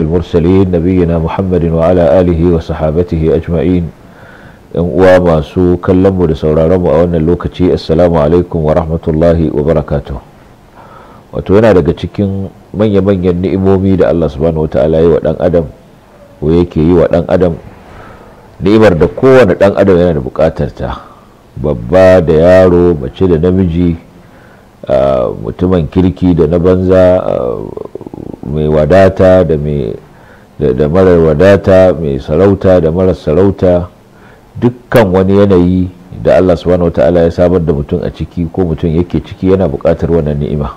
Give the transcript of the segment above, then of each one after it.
المرسلين نبينا محمد وعلى آله وصحابته أجمعين ‘yan uwa masu kallonmu da sauraronmu a wannan lokaci assalamu alaikum wa rahmatullahi wa wato yana daga cikin manya ni'imomi da Allah subhanahu wata'ala yi wa ɗan adam yi wa ɗan adam ni'imar da kowane ɗan adam yana da buƙatar ta babba da yaro mace da namiji mutumin kirki da na banza mai wadata da mai da marar wadata mai sarauta da marar sarauta dukkan wani yanayi da Allah subhanahu wata'ala ya samar da mutum a ciki ko mutum yake ciki yana buƙatar wannan ni'ima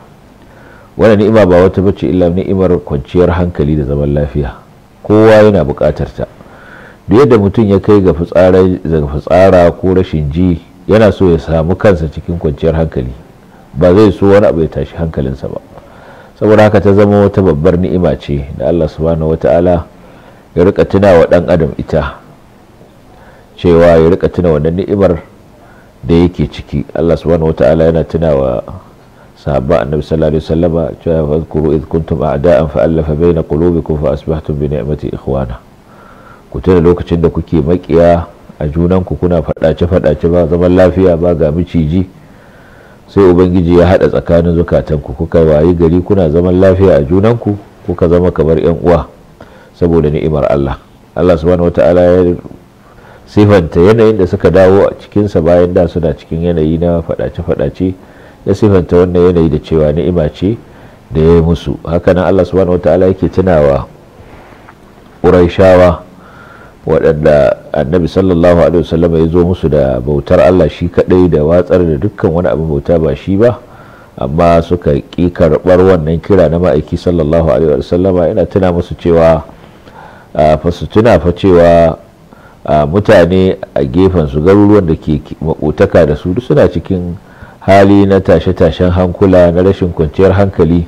wannan ni'ima ba wata bace illa ni'imar kwanciyar hankali da zaman lafiya kowa yana buƙatar ta duk yadda mutum ya kai ga fitsara ko rashin ji yana so ya samu kansa cikin kwanciyar hankali ba zai so wani abu ya tashi hankalinsa ba saboda haka ta zama wata babbar ni'ima ce da Allah subhanahu wata'ala ya rika tuna wa dan adam ita cewa ya rika tuna wannan ni'imar da yake ciki Allah subhanahu wata'ala yana tuna wa sahabba annabi sallallahu alaihi wasallama cewa zkuru id kuntum a'da'an fa alafa baina qulubikum fa asbahtum bi ni'mati ikhwana ku tuna lokacin da kuke makiya a junanku kuna fadace fadace ba zaman lafiya ba ga miciji sai ubangiji ya haɗa tsakanin zukatanku kuka wayi gari kuna zaman lafiya a junanku kuka zama kamar yan uwa saboda ni'imar Allah Allah subhanahu wata'ala ya sifanta yanayin da suka dawo a cikinsa bayan da suna cikin yanayi na faɗace-faɗace ya sifanta wannan yanayi da cewa ni'ima ce da ya yi musu hakanan Allah subhanahu wata'ala yake tunawa Quraishawa waɗanda annabi sallallahu alaihi wasallam ya zo musu da bautar Allah shi kadai da watsar da dukkan wani abu bauta ba shi ba amma suka ki karbar wannan kira na ma'aiki sallallahu alaihi wasallama ina tuna musu cewa fa su tuna fa cewa mutane a gefen su garuruwan da ke makotaka da su suna cikin hali na tashe-tashen hankula na rashin kwanciyar hankali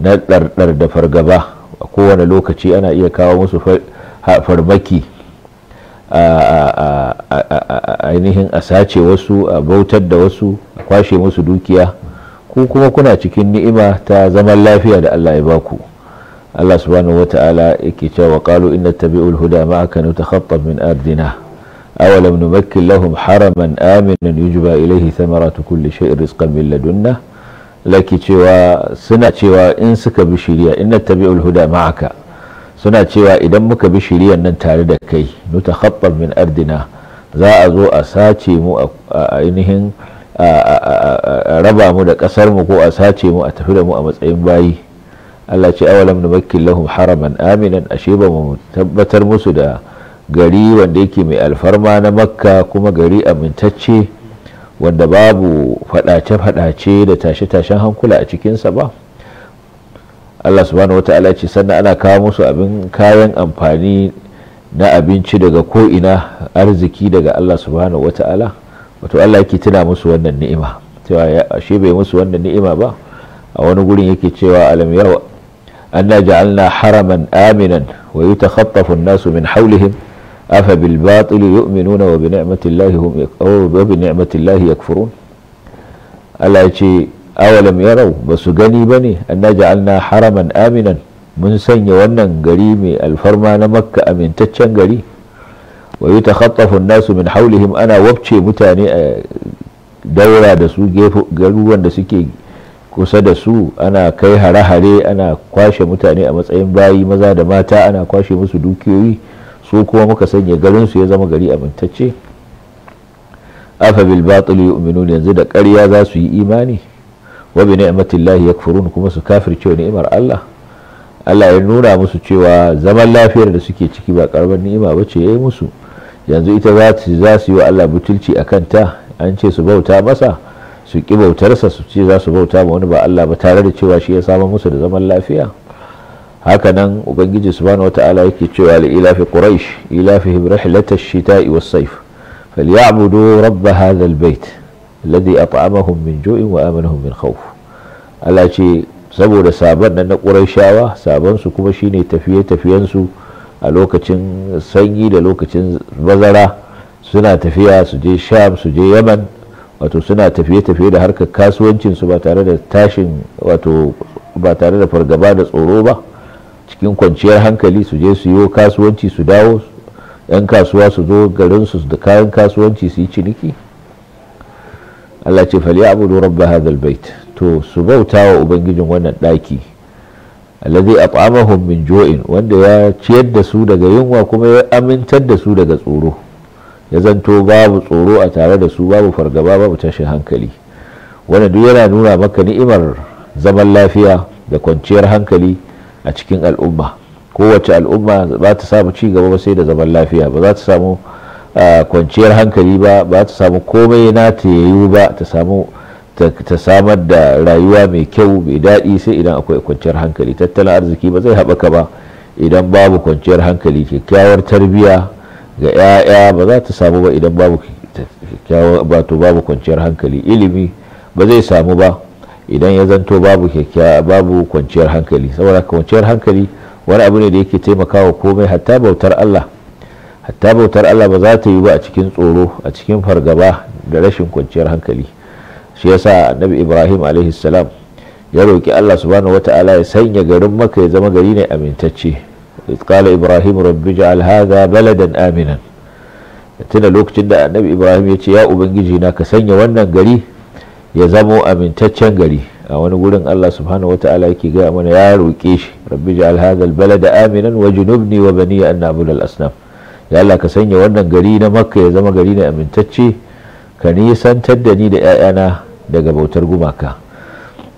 na ɗarɗar da fargaba a kowane lokaci ana iya kawo musu farmaki ainihin a sace wasu a bautar da wasu a kwashe musu dukiya ku kuma kuna cikin ni'ima ta zaman lafiya da Allah ya baku Allah subhanahu wa ta'ala yake cewa qalu inna tabi'ul huda ma aka nutakhattab min ardina awalam numakkin lahum haraman aminan yujba ilayhi thamaratu kulli shay'in rizqan min ladunna laki cewa suna cewa in suka bi shiriya inna tabi'ul huda ma'aka suna cewa idan muka bi shiriyar nan tare da kai nuta min ardina za a zo a sace mu a ainihin raba mu da kasar mu ko a sace mu a tafi da mu a matsayin bayi Allah ce awalam numakkin lahum haraman aminan ashe ba mu tabbatar musu da gari wanda yake mai alfarma na makka kuma gari amintacce wanda babu fadace-fadace da tashe-tashen hankula a cikinsa ba Allah subhanahu wata'ala ce sannan ana kawo musu abin kayan amfani na abinci daga ko'ina arziki daga Allah subhanahu ala wato Allah yake tuna musu wannan ni'ima cewa ashe bai musu wannan ni'ima ba a wani gurin yake cewa alam ana anna ja'alna haraman aminan wa ta an-nasu min haulihim afa bil batil yu'minuna wa bi hum wa bi yakfurun Allah ya ce awalam yarau ba su gani ba ne an na haraman aminan mun sanya wannan gari mai alfarma na makka amintaccen gari wa yi ta nasu min haulihim ana wabce mutane a daura da su garuruwan da suke kusa da su ana kai hare-hare ana kwashe mutane a matsayin bayi maza da mata ana kwashe musu dukiyoyi su kuma muka sanya garinsu ya zama gari amintacce afa bil batil yu'minun yanzu da karya za su yi imani wa bi ni'matillahi yakfurun kuma su kafirce cewa ni'imar Allah Allah ya nuna musu cewa zaman lafiyar da suke ciki ba karamar ni'ima bace ce yayi musu yanzu ita za su za su yi wa Allah butulci akan ta an ce su bauta masa su ki bautarsa su ce za su bauta ma wani ba Allah ba tare da cewa shi ya samu musu da zaman lafiya hakanan ubangiji subhanahu wata'ala yake cewa li ilafi quraish ilafihim rihlatash shita'i was-sayf falyabudu rabb hadha al alladhi at'amahum min ju'in wa amanahum min khawf Allah ce saboda sabon nan na Qurayshawa saban su kuma shine tafiye tafiyen a lokacin sanyi da lokacin bazara suna tafiya su je Sham su je Yaman wato suna tafiye tafiye da harkar kasuwancin su ba tare da tashin wato ba tare da fargaba da tsoro ba cikin kwanciyar hankali su je su yi kasuwanci su dawo 'yan kasuwa su zo garinsu da kayan kasuwanci su yi ciniki Allah ce da rabba hadal bait to su bauta wa ubangijin wannan daki alladhi at'amahum min join wanda ya ciyar da su daga yunwa kuma ya amintar da su daga tsoro ya zanto babu tsoro a tare da su babu fargaba babu tashin hankali wannan duk yana nuna maka ni'imar zaman lafiya da kwanciyar hankali a cikin al'umma kowace al'umma ba ta samu ci gaba ba sai da zaman lafiya ba za ta samu kwanciyar hankali ba ba ta samu komai na ta yayu ba ta samu ta samar da rayuwa mai kyau mai daɗi sai idan akwai kwanciyar hankali tattalin arziki ba zai haɓaka ba idan babu kwanciyar hankali kyakkyawar tarbiyya ga 'ya'ya ba za ta samu ba idan babu bato babu kwanciyar hankali ilimi ba zai samu ba idan ya zanto babu babu kwanciyar hankali saboda kwanciyar hankali wani abu ne da yake taimakawa komai hatta bautar Allah hatta bautar Allah ba za ta yi ba a cikin tsoro a cikin fargaba da rashin kwanciyar hankali shi yasa annabi Ibrahim alaihi ya roki Allah subhanahu wata'ala ya sanya garin maka ya zama gari ne amintacce qala Ibrahim rabbi ja'al hadha baladan aminan tuna lokacin da annabi Ibrahim ya ce ya ubangiji na ka sanya wannan gari ya zamo amintaccen gari a wani gurin Allah subhanahu wata'ala yake gaya mana ya roƙe shi rabbi ja'al hadha balada aminan wajen junubni wa bani an annabu da asnam ya Allah ka sanya wannan gari na makka ya zama gari na amintacce ka nisantar da ni da 'ya'yana daga bautar gumaka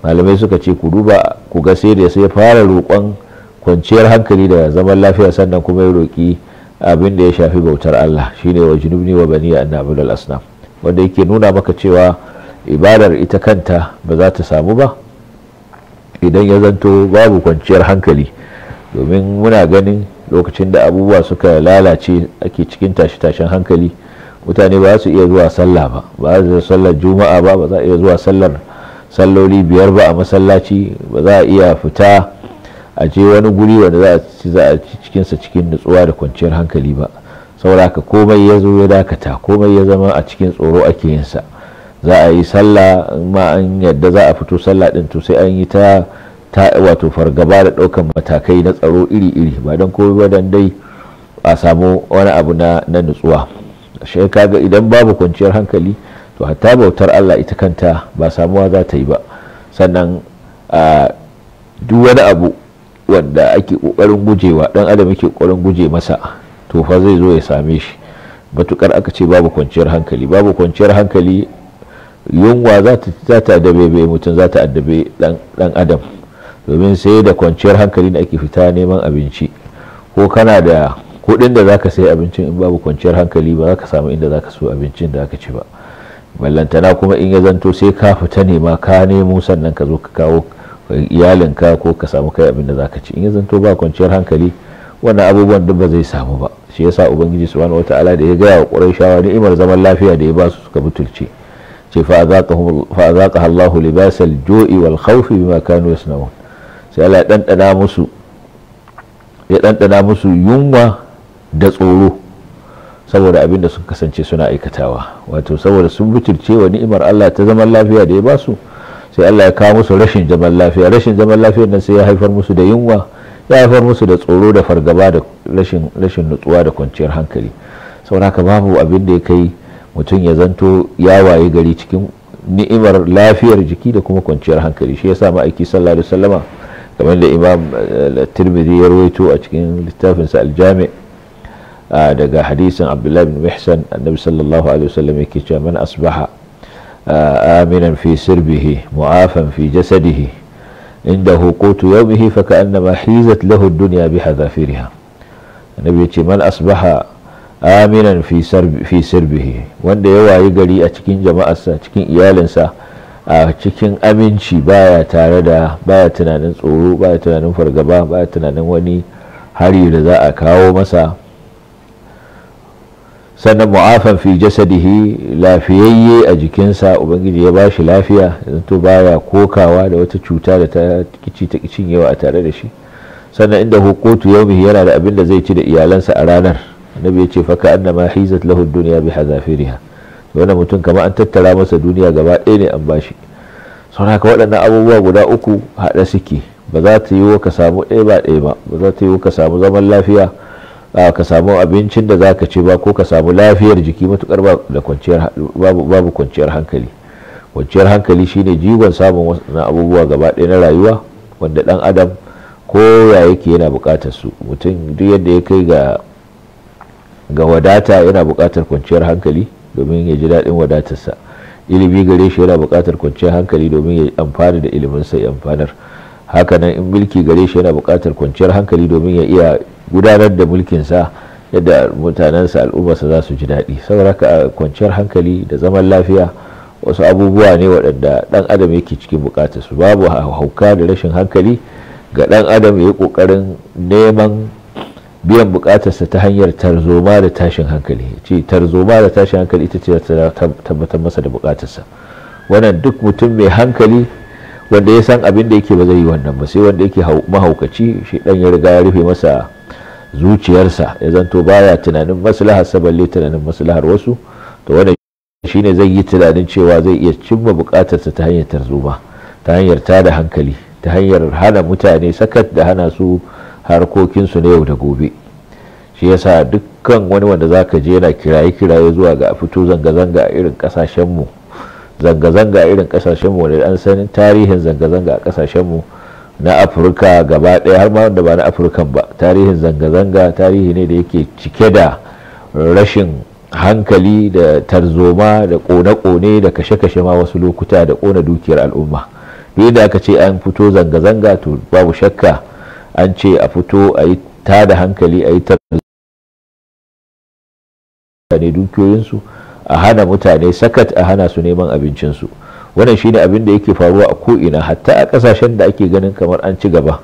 malamai suka ce ku duba ku ga sai da sai fara roƙon kwanciyar hankali da zaman lafiya sannan kuma ya roƙi abin da ya shafi bautar Allah shine wa jinubni wa bani an na'budul asnam wanda yake nuna maka cewa ibadar ita kanta ba za ta samu ba idan ya zanto babu kwanciyar hankali domin muna ganin lokacin da abubuwa suka lalace ake cikin tashi-tashin hankali mutane ba su iya zuwa sallah ba ba za zuwa sallar juma'a ba ba za a iya zuwa sallar salloli biyar ba a masallaci ba za a iya fita a je wani guri wanda za a ci za a ci cikinsa cikin nutsuwa da kwanciyar hankali ba saboda komai ya zo ya dakata komai ya zama a cikin tsoro ake yinsa za a yi sallah ma an yadda za a fito sallah din to sai an yi ta ta wato fargaba da ɗaukan matakai na tsaro iri-iri ba don kowai wadan dai a samu wani abu na nutsuwa shi kaga idan babu kwanciyar hankali to hatta bautar Allah ita kanta ba samuwa za ta yi ba sannan a duk wani abu wanda ake kokarin gujewa dan adam yake kokarin guje masa to fa zai zo ya same shi matukar aka ce babu kwanciyar hankali babu kwanciyar hankali yunwa za ta addabe mutum za ta addabe dan adam domin sai da kwanciyar hankali da ake fita neman abinci ko kana da kuɗin da zaka sai abincin in babu kwanciyar hankali ba za ka samu inda za ka so abincin da aka ci ba ballantana kuma in ya zanto sai ka fita nema ka nemo sannan ka zo ka kawo iyalinka ko ka samu kai abin da za ci in ya zanto ba kwanciyar hankali wannan abubuwan duk ba zai samu ba shi yasa ubangiji subhanahu wataala da ya gaya wa quraishawa ni'imar zaman lafiya da ya ba su suka butulce ce fa azaqahu fa azaqaha libasal ju'i wal khawfi bima kanu yasnaun sai Allah ya ɗanɗana musu ya ɗanɗana musu yunwa da tsoro saboda abin da sun kasance suna aikatawa wato saboda sun bucirce wa ni'imar Allah ta zaman lafiya da ya ba su sai Allah ya kawo musu rashin zaman lafiya rashin zaman lafiyar nan sai ya haifar musu da yunwa ya haifar musu da tsoro da fargaba da rashin rashin nutsuwa da kwanciyar hankali saboda haka babu abin da ya kai mutum ya zanto ya waye gari cikin ni'imar lafiyar jiki da kuma kwanciyar hankali shi yasa ma'aiki sallallahu alaihi wasallama kamar da imam eh, tirmidhi ya rawaito a cikin littafinsa aljami ah, daga hadisin abdullahi bin mihsan annabi sallallahu alaihi wasallam yake cewa man asbaha ah, aminan fi sirbihi mu'afan fi jasadihi indahu qutu yawmihi fa ka'annama hizat lahu ad-dunya bi hadafiriha annabi yace man asbaha aminan fi sirbihi wanda ya wayi gari a cikin jama'arsa cikin iyalinsa a cikin aminci baya tare da baya tunanin tsoro baya tunanin fargaba baya tunanin wani hari da za a kawo masa sannan mu'afan fi jasadihi lafiyayye a jikinsa ubangiji ya bashi lafiya to baya kokawa da wata cuta da ta kici ta yawa a tare da shi sannan inda hukutu yaumihi yana da abin da zai ci da iyalansa a ranar annabi ya ce faka annama hizat lahu dunya bi hazafiriha wani mutum kama an tattara masa duniya gaba ɗaya ne an bashi sau haka waɗannan abubuwa guda uku haɗe suke ba za ta yi ka samu ɗaya ba ɗaya ba ba za ta yi ka samu zaman lafiya ka samu abincin da za ka ce ba ko ka samu lafiyar jiki matukar babu kwanciyar hankali kwanciyar hankali shine jigon samun wasu abubuwa gaba ɗaya na rayuwa wanda ɗan adam ko ya yake yana buƙatar su mutum duk yadda ya kai ga wadata yana buƙatar kwanciyar hankali domin ya ji daɗin wadatarsa ilimi gare shi yana buƙatar kwanciyar hankali domin ya amfana da iliminsa ya amfanar hakanan in mulki gare shi yana buƙatar kwanciyar hankali domin ya iya gudanar da mulkinsa yadda mutanensa al'ummarsa za su ji daɗi saboda haka kwanciyar hankali da zaman lafiya wasu abubuwa ne waɗanda ɗan adam yake cikin bukatar su babu hauka da rashin hankali ga ɗan adam ya yi ƙoƙarin neman biyan bukatarsa ta hanyar tarzoma da tashin hankali ce tarzoma da tashin hankali ita ce ta tabbatar masa da bukatarsa wannan duk mutum mai hankali wanda ya san abin da yake ba zai yi wannan ba sai wanda yake mahaukaci shi dan ya riga ya rufe masa zuciyarsa ya zanto baya tunanin maslahar sa balle tunanin maslahar wasu to wannan shine zai yi tunanin cewa zai iya cimma bukatarsa ta hanyar tarzoma ta hanyar tada hankali ta hanyar hana mutane sakat da hana su harkokinsu na yau da gobe shi yasa dukkan wani wanda za ka je yana kiraye-kiraye zuwa ga a fito zanga-zanga a irin kasashenmu zanga-zanga a irin kasashenmu da an sanin tarihin zanga-zanga a kasashenmu na afirka gaba ɗaya har ma wanda ba na afirkan ba tarihin zanga-zanga tarihi ne da yake cike da rashin hankali da tarzoma da kone-kone da kashe-kashe ma wasu lokuta da kona dukiyar al'umma duk da aka ce an fito zanga-zanga to babu shakka an ce a fito a yi ta da hankali a yi mutane dukiyoyinsu a hana mutane sakat a hana su neman abincinsu wannan shine abin da yake faruwa a ko'ina hatta a kasashen da ake ganin kamar an ci gaba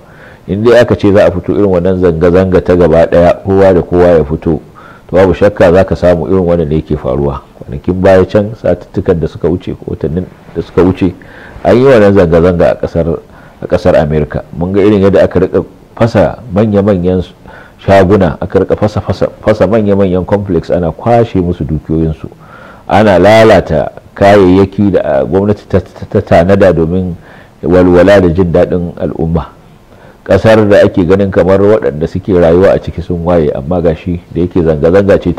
in dai aka ce za a fito irin wannan zanga-zanga ta gaba daya kowa da kowa ya fito to babu shakka za ka samu irin wannan da yake faruwa kwanakin baya can satuttukan da suka wuce watannin da suka wuce an yi wannan zanga-zanga a a kasar amerika mun ga irin yadda aka rika fasa manya-manyan shaguna aka rika fasa manya-manyan complex ana kwashe musu dukiyoyinsu ana lalata kayayyaki da ah, gwamnati ta tanada domin walwala da jin daɗin al'umma ƙasar da ake ganin kamar waɗanda suke rayuwa a ciki sun waye amma gashi da yake zanga-zanga ce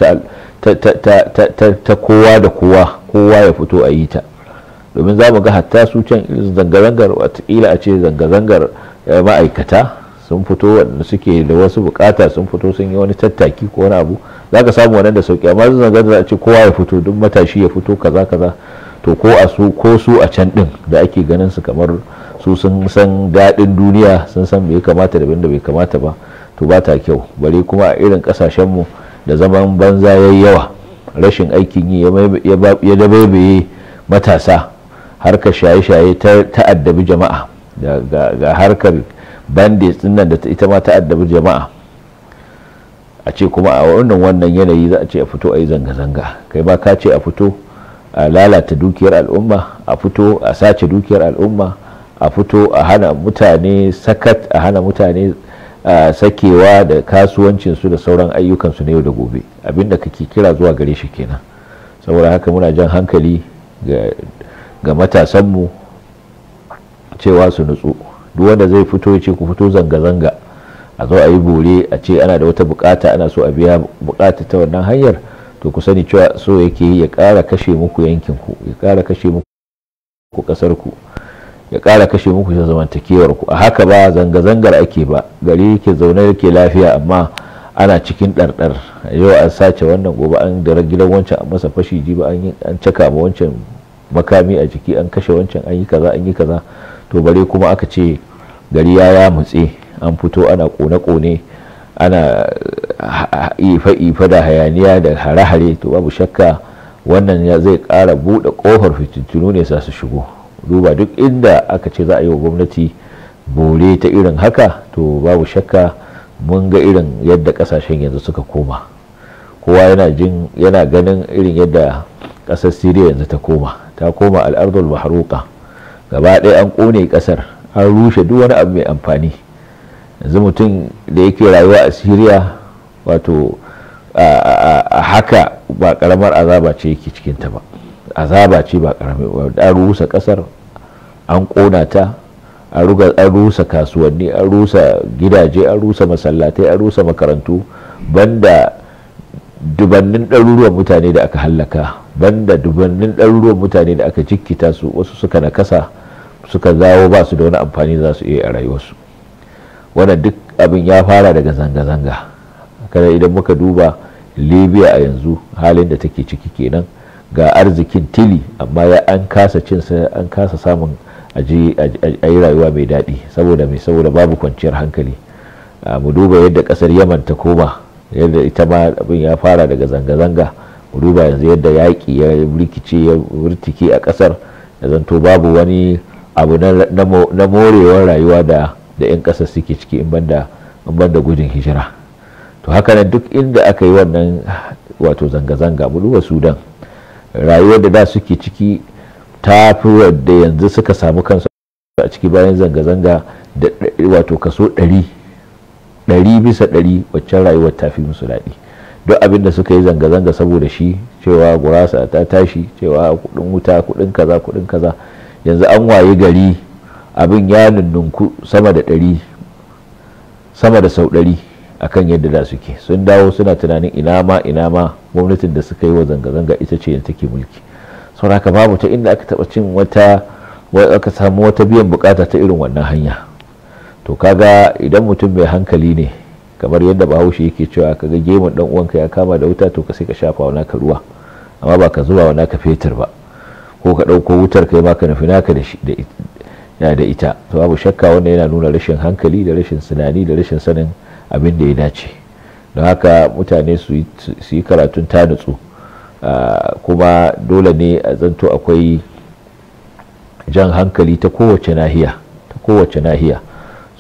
ta kowa da kowa kowa ya fito a yi ta domin za mu ga hatta su can zanga-zangar watakila a ce zanga-zangar eh, ma'aikata sun fito waɗanda suke da wasu bukata sun fito sun yi wani tattaki ko wani abu za ka samu wannan da sauki amma zan zanga a ce kowa ya fito duk matashi ya fito kaza kaza to ko a su ko su a can din da ake ganin su kamar su sun san daɗin duniya sun san bai kamata da da bai kamata ba to ba ta kyau bare kuma a irin ƙasashenmu da zaman banza yayi yawa rashin aikin yi ya dabaibaye matasa harkar shaye-shaye ta addabi jama'a ga harkar bandage din nan da ita ma ta addabi jama'a a ce kuma a wannan wannan yanayi za a ce a fito a yi zanga-zanga kai ba ka ce a fito a lalata dukiyar al'umma a fito a sace dukiyar al'umma a fito a hana mutane sakat a hana mutane sakewa da kasuwancinsu da sauran ayyukansu na yau da gobe abinda kake kira zuwa gare shi kenan saboda haka muna jan hankali ga matasanmu cewa su nutsu duk wanda zai fito ya ce ku fito zanga-zanga a zo a yi bore a ce ana da wata bukata ana so a biya bukata ta wannan hanyar to ku sani cewa so yake yi ya kara kashe muku yankin ku ya kara kashe muku kasar ku ya kara kashe muku ta zamantakewar ku a haka ba zanga-zangar ake ba gari yake zaune yake lafiya amma ana cikin ɗarɗar yau an sace wannan gobe an daren gidan wancan a masa fashi ji ba an caka ma wancan makami a jiki an kashe wancan an yi kaza an yi kaza to bare kuma aka ce gari ya ya mutse an fito ana kone-kone ana ifa-ifa da hayaniya da hare-hare to babu shakka wannan zai kara buɗe ƙofar fitintunu ne sa su shigo duba duk inda aka ce za a yi wa gwamnati bore ta irin haka to babu shakka mun ga irin yadda ƙasashen yanzu suka koma kowa yana jin yana ganin irin yadda ƙasar siriya yanzu ta koma ta koma al'ardul mahruqa gaba ɗaya an ƙone ƙasar an rushe duk wani abu mai amfani yanzu mutum da yake rayuwa a siriya wato a haka ba ƙaramar azaba ce yake cikinta ba azaba ce ba karamar an rusa ƙasar an ƙona ta an rusa kasuwanni an rusa gidaje an rusa masallatai an rusa makarantu banda dubannin ɗaruruwan mutane da aka hallaka banda dubannin ɗaruruwan mutane da aka jikkita su wasu suka na kasa. suka zawo ba su da wani amfani za su iya a rayuwarsu wannan duk abin ya fara daga zanga-zanga kada idan muka duba libya a yanzu halin da take ciki kenan ga arzikin tili amma ya an kasa cinsa an kasa samun a yi rayuwa mai daɗi saboda mai saboda babu kwanciyar hankali ah, mu duba yadda ƙasar yaman ta koma yadda ita ma abin ya fara daga zanga-zanga mu duba yanzu yadda yaƙi ya rikice ya a ƙasar ya zanto babu wani abu na morewar rayuwa da 'yan ƙasa suke ciki in banda in banda gudun hijira to haka nan duk inda aka yi wannan wato zanga-zanga mu duba sudan rayuwar da da suke ciki ta fi wadda yanzu suka samu kansu a ciki bayan zanga-zanga da wato kaso ɗari bisa ɗari waccan rayuwar ta fi musu daɗi duk abin da suka yi zanga-zanga saboda shi cewa gurasa ta tashi cewa kudin wuta kudin kaza kudin kaza yanzu an waye gari abin ya nunnunku sama da ɗari sama da sau ɗari akan yadda da suke sun dawo suna tunanin ina ma ina ma gwamnatin da suka yi wa zanga-zanga ita ce yanzu take mulki saboda haka babu ta inda aka taɓa cin wata aka samu wata biyan bukata ta irin wannan hanya to kaga idan mutum mai hankali ne kamar yadda bahaushe yake cewa kaga gemun dan uwanka ya kama da wuta to ka sai ka shafa wa naka ruwa amma ba ka zuba wa naka fetur ba ko ka ɗauko wutar kai ma ka nufi naka da ita to babu shakka wanda yana nuna rashin hankali da rashin sinani da rashin sanin abin da ya dace don haka mutane su yi karatun ta nutsu ah, kuma dole ne a zanto akwai jan hankali ta kowace nahiya ta kowace nahiya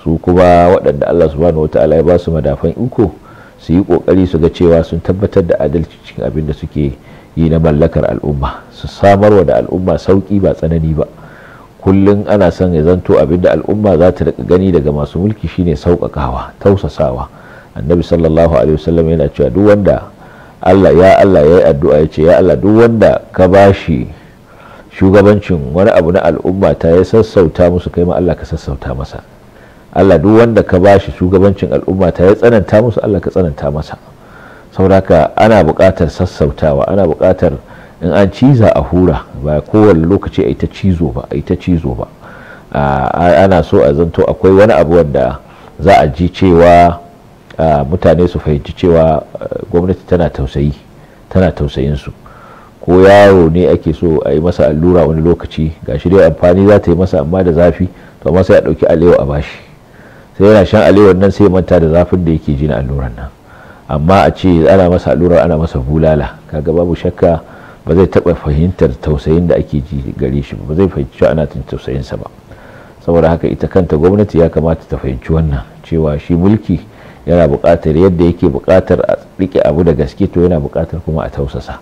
su kuma waɗanda Allah subhanahu ta'ala ya ba su madafan iko su yi ƙoƙari su ga cewa sun tabbatar da adalci cikin abin da suke yi. yi na mallakar al'umma su samarwa da al'umma sauƙi ba tsanani ba kullum ana son ya zanto abinda al'umma za ta rika gani daga masu mulki shine sauƙaƙawa tausasawa annabi sallallahu alaihi wasallam yana cewa duk wanda Allah ya Allah ya yi addu'a ya ce ya Allah duk wanda ka bashi shugabancin wani abu na al'umma ta ya sassauta musu kai ma Allah ka sassauta masa Allah duk wanda ka bashi shugabancin al'umma ta ya tsananta musu Allah ka tsananta masa sauraka ana bukatar sassautawa ana bukatar in an ciza a hura ba kowane lokaci a yi ta cizo ba a cizo ba ana so a zanto akwai wani abu wanda za a ji cewa mutane su fahimci cewa gwamnati tana tausayi tana tausayinsu ko yaro ne ake so a yi masa allura wani lokaci ga shi dai amfani za ta yi masa amma da zafi to amma sai a ɗauki alewa a bashi sai yana shan alewar nan sai manta da zafin da yake ji na alluran nan amma a ce ana masa allura ana masa bulala kaga babu shakka ba zai taba fahimtar tausayin da ake ji gare shi ba zai fahimci cewa ana tausayin sa ba saboda haka ita kanta gwamnati ya kamata ta fahimci wannan cewa shi mulki yana buƙatar yadda yake buƙatar a riƙe abu da gaske to yana buƙatar kuma a tausasa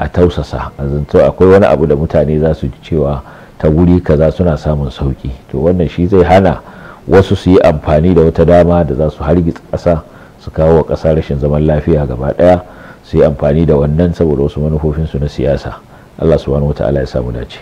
a tausasa a zanto akwai wani abu da mutane za su ji cewa ta wuri kaza suna samun sauki to wannan shi zai hana wasu su yi amfani da wata dama da za su hargitsa ƙasa su kawo wa ƙasa rashin zaman lafiya gaba ɗaya su yi amfani da wannan saboda wasu manufofinsu na siyasa allah subhanahu wa ta'ala ya samu dace